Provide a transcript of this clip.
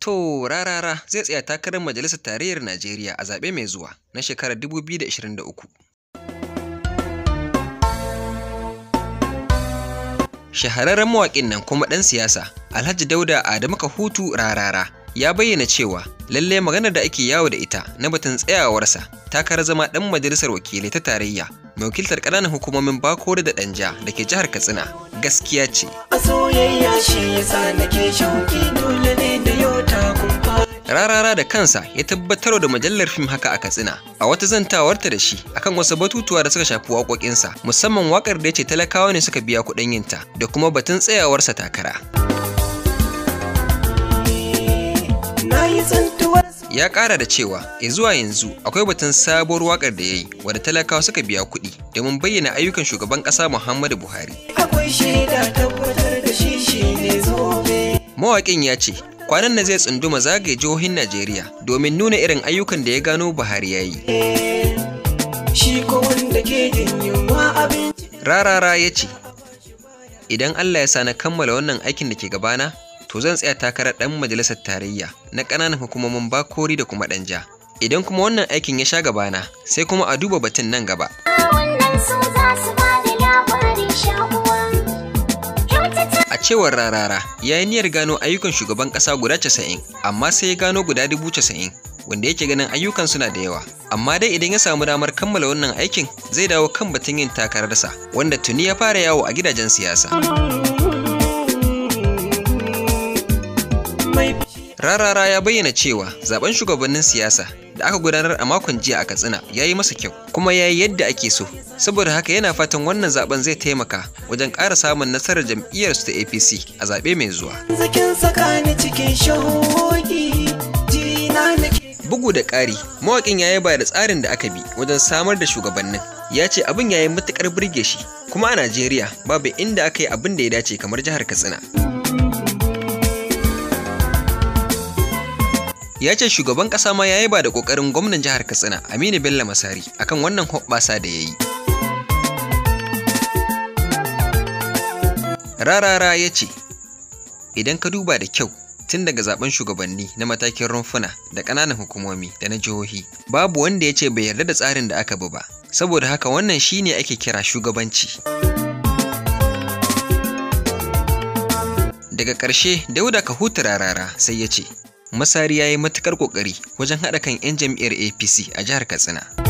to rarara zai tsaya takarar majalisar tarayyar Najeriya a zaɓe mai zuwa na shekarar 2023. Shahararren mawaƙin nan kuma ɗan siyasa Alhaji Dauda Adamu Kahutu rarara ya bayyana cewa lalle maganar da ake yawo da ita na batun tsayawarsa takarar zama ɗan majalisar wakilai ta tarayya mai wakiltar ƙananan hukumomin bako da ɗanja da ke jihar katsina gaskiya ce a soyayya shi yasa nake shauki rarara da kansa ya tabbatar da mujallar fim haka a katsina a wata zantawarta da shi akan wasu batutuwa da suka shafi waƙoƙinsa musamman waƙar da ya ce talakawa ne suka biya kuɗin yinta da kuma batun tsayawarsa takara ya ƙara da cewa e zuwa yanzu akwai batun sabuwar waƙar da ya yi wadda talakawa suka biya kuɗi domin bayyana ayyukan shugaban ƙasa muhammadu buhari mawaƙin ya ce kwanan na zai tsunduma zagaye jihohin Najeriya domin nuna irin ayyukan da ya gano Buhari ya yi. Rarara ya ce, Idan Allah ya sa na kammala wannan aikin da ke gabana, to zan tsaya takarar ɗan majalisar tarayya na ƙananan hukumomin bakori da kuma ɗanja. Idan kuma wannan aikin ya sha gabana, sai kuma a duba batun nan gaba. cewar rarara ya yi niyyar gano ayyukan shugaban ƙasa guda casa'in, amma sai ya gano guda dubu casa'in, wanda yake ganin ayyukan suna da yawa amma dai idan ya samu damar kammala wannan aikin zai dawo kan batun yin takararsa wanda tuni ya fara yawo a gidajen siyasa rarara ya bayyana cewa zaben shugabannin siyasa da aka gudanar a makon jiya a Katsina ya yi masa kyau kuma ya yi yadda ake so saboda haka yana fatan wannan zaben zai taimaka wajen ƙara samun nasarar jam'iyyarsu ta APC a zaɓe mai zuwa. Bugu da ƙari, mawaƙin ya yi da tsarin da aka bi wajen samar da shugabannin. Ya ce abin ya yi matuƙar burge shi, kuma a Najeriya babu inda aka yi abin da ya dace kamar jihar Katsina. ya ce shugaban ƙasa ma ya yi ba da ƙoƙarin gwamnan jihar katsina aminu bello masari akan wannan hoɓɓasa da ya yi rarara ya ce idan ka duba da kyau tun daga zaben shugabanni na matakin rumfuna da ƙananan hukumomi da na jihohi babu wanda ya ce bai yarda da tsarin da aka bi ba saboda haka wannan shine ake kira shugabanci daga ƙarshe dauda ka huta rarara sai ya ce Masari ya yi matuƙar ƙoƙari wajen haɗa kan 'yan jam'iyyar APC a jihar Katsina.